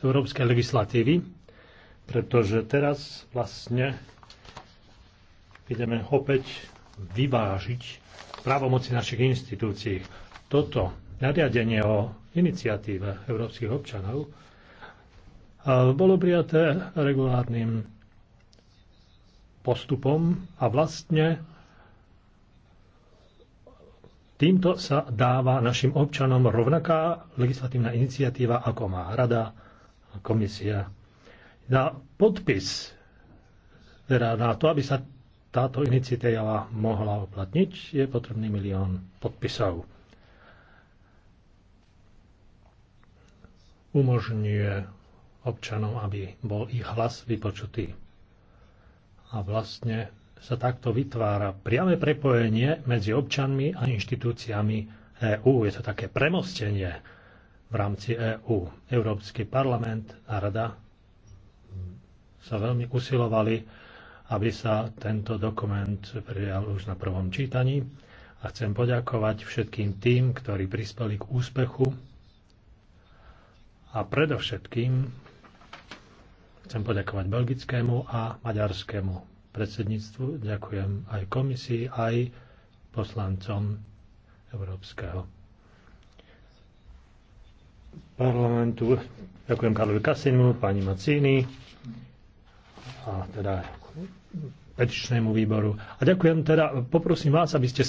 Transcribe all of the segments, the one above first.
európskej legislatívy, pretože teraz vlastne ideme opäť vyvážiť právomoci našich inštitúcií. Toto nariadenie o iniciatíve európskych občanov bolo prijaté regulárnym postupom a vlastne týmto sa dáva našim občanom rovnaká legislatívna iniciatíva, ako má Rada, komisia na podpis, teda na to, aby sa táto iniciatíva mohla uplatniť, je potrebný milión podpisov. Umožňuje občanom, aby bol ich hlas vypočutý. A vlastne sa takto vytvára priame prepojenie medzi občanmi a inštitúciami EÚ. Je to také premostenie v rámci EÚ. Európsky parlament a rada sa veľmi usilovali, aby sa tento dokument prijal už na prvom čítaní a chcem poďakovať všetkým tým, ktorí prispeli k úspechu a predovšetkým chcem poďakovať belgickému a maďarskému predsedníctvu, ďakujem aj komisii, aj poslancom Európskeho parlamentu. Ďakujem Karlovi Kasinu, pani Macíny a teda petičnému výboru. A ďakujem teda, poprosím vás, aby ste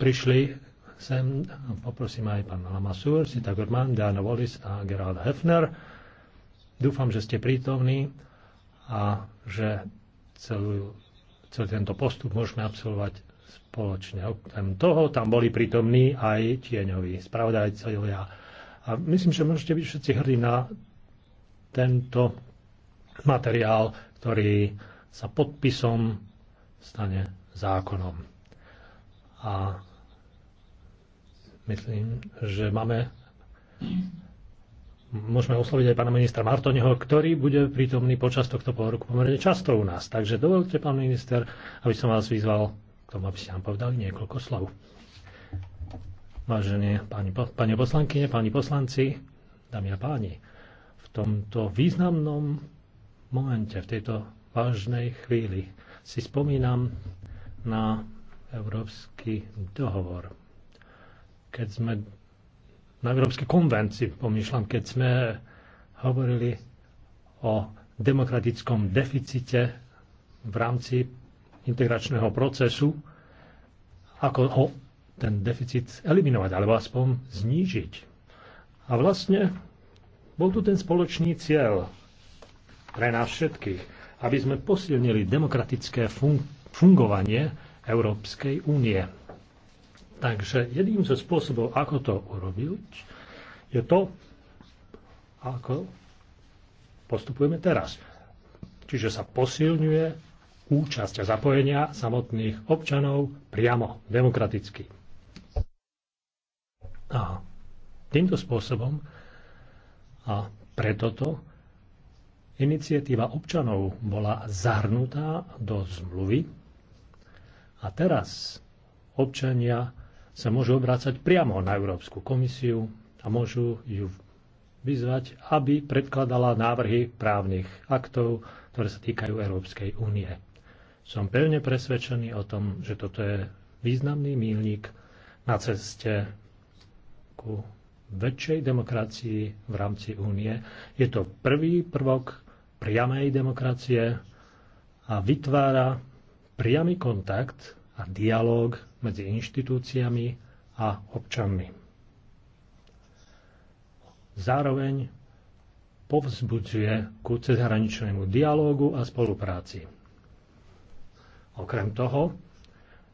prišli sem, poprosím aj pán Lamassur, Sita Gorman, Diana Wallis a Gerald Hefner. Dúfam, že ste prítomní a že celú, celý tento postup môžeme absolvovať spoločne. Okrem toho tam boli prítomní aj tieňoví spravodajcovia a myslím, že môžete byť všetci hrdí na tento materiál, ktorý sa podpisom stane zákonom. A myslím, že máme môžeme osloviť aj pána ministra Martoneho, ktorý bude prítomný počas tohto pol roku pomerne často u nás. Takže dovolte, pán minister, aby som vás vyzval k tomu, aby ste nám povedali niekoľko slov. Vážené pani, pani poslankyne, pani poslanci, dámy a páni, v tomto významnom momente, v tejto vážnej chvíli si spomínam na Európsky dohovor. Keď sme na Európskej konvencii, pomýšľam, keď sme hovorili o demokratickom deficite v rámci integračného procesu, ako ho ten deficit eliminovať, alebo aspoň znížiť. A vlastne bol tu ten spoločný cieľ pre nás všetkých, aby sme posilnili demokratické fun- fungovanie Európskej únie. Takže jedným zo spôsobov, ako to urobiť, je to, ako postupujeme teraz. Čiže sa posilňuje účasť a zapojenia samotných občanov priamo, demokraticky. týmto spôsobom a preto to iniciatíva občanov bola zahrnutá do zmluvy a teraz občania sa môžu obrácať priamo na Európsku komisiu a môžu ju vyzvať, aby predkladala návrhy právnych aktov, ktoré sa týkajú Európskej únie. Som pevne presvedčený o tom, že toto je významný mílnik na ceste ku väčšej demokracii v rámci únie. Je to prvý prvok priamej demokracie a vytvára priamy kontakt a dialog medzi inštitúciami a občanmi. Zároveň povzbudzuje ku cezhraničnému dialógu a spolupráci. Okrem toho,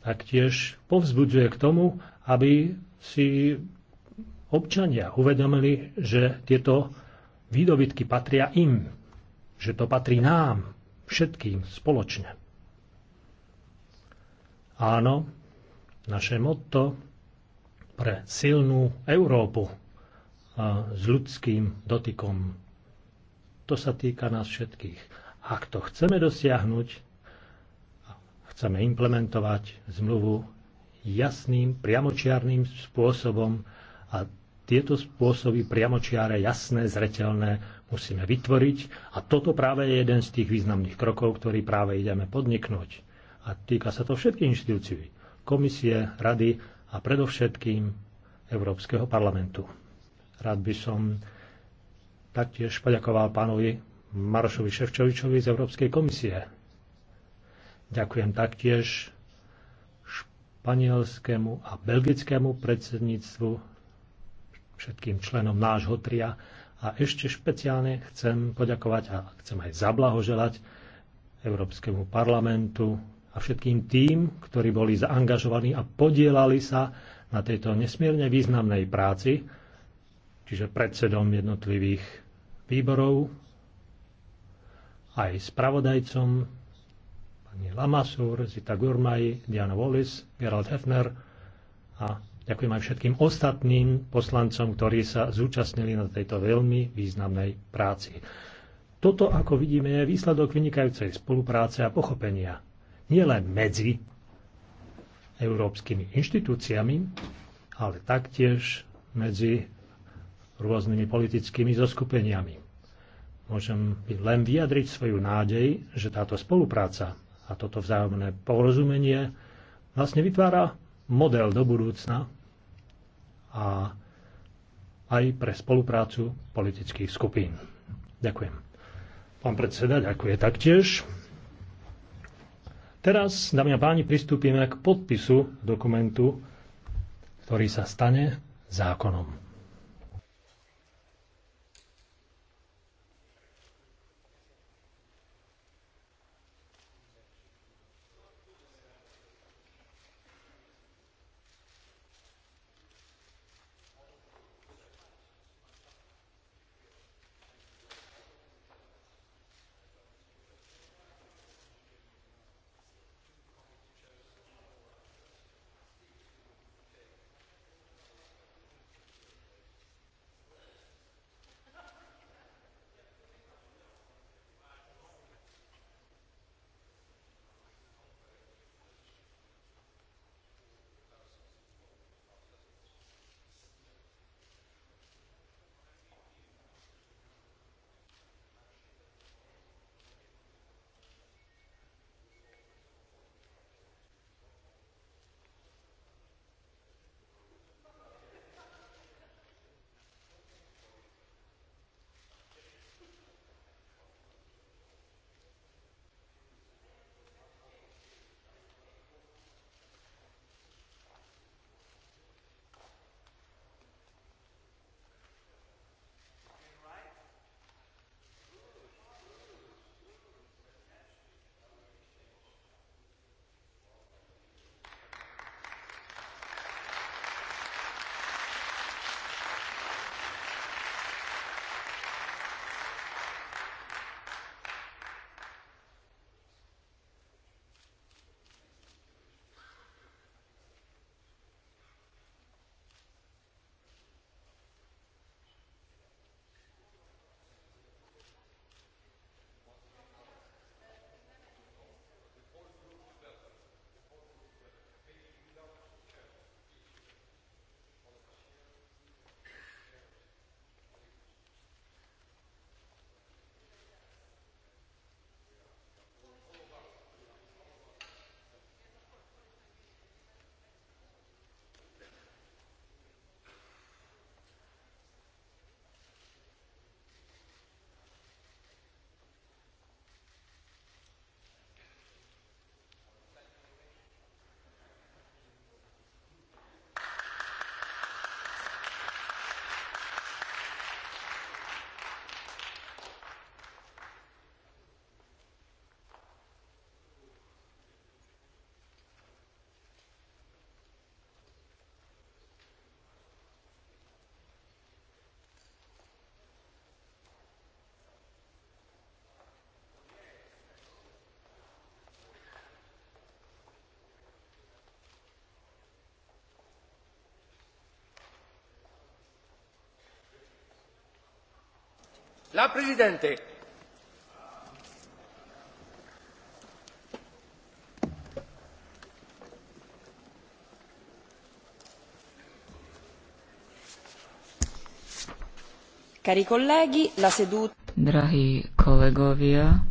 taktiež povzbudzuje k tomu, aby si občania uvedomili, že tieto výdobytky patria im, že to patrí nám, všetkým spoločne. Áno, naše motto pre silnú Európu a s ľudským dotykom. To sa týka nás všetkých. Ak to chceme dosiahnuť, chceme implementovať zmluvu jasným, priamočiarným spôsobom a tieto spôsoby priamočiare, jasné, zreteľné musíme vytvoriť a toto práve je jeden z tých významných krokov, ktorý práve ideme podniknúť. A týka sa to všetkých inštitúcií, komisie, rady a predovšetkým Európskeho parlamentu. Rád by som taktiež poďakoval pánovi Marošovi Ševčovičovi z Európskej komisie. Ďakujem taktiež španielskému a belgickému predsedníctvu všetkým členom nášho tria a ešte špeciálne chcem poďakovať a chcem aj zablahoželať Európskemu parlamentu a všetkým tým, ktorí boli zaangažovaní a podielali sa na tejto nesmierne významnej práci, čiže predsedom jednotlivých výborov, aj spravodajcom, pani Lamasur, Zita Gurmaj, Diana Wallis, Gerald Hefner a Ďakujem aj všetkým ostatným poslancom, ktorí sa zúčastnili na tejto veľmi významnej práci. Toto, ako vidíme, je výsledok vynikajúcej spolupráce a pochopenia. Nie len medzi európskymi inštitúciami, ale taktiež medzi rôznymi politickými zoskupeniami. Môžem len vyjadriť svoju nádej, že táto spolupráca a toto vzájomné porozumenie vlastne vytvára model do budúcna a aj pre spoluprácu politických skupín. Ďakujem. Pán predseda, ďakujem taktiež. Teraz, dámy a páni, pristúpime k podpisu dokumentu, ktorý sa stane zákonom. La Presidente. Cari colleghi, la seduta... Drahí kolegovia,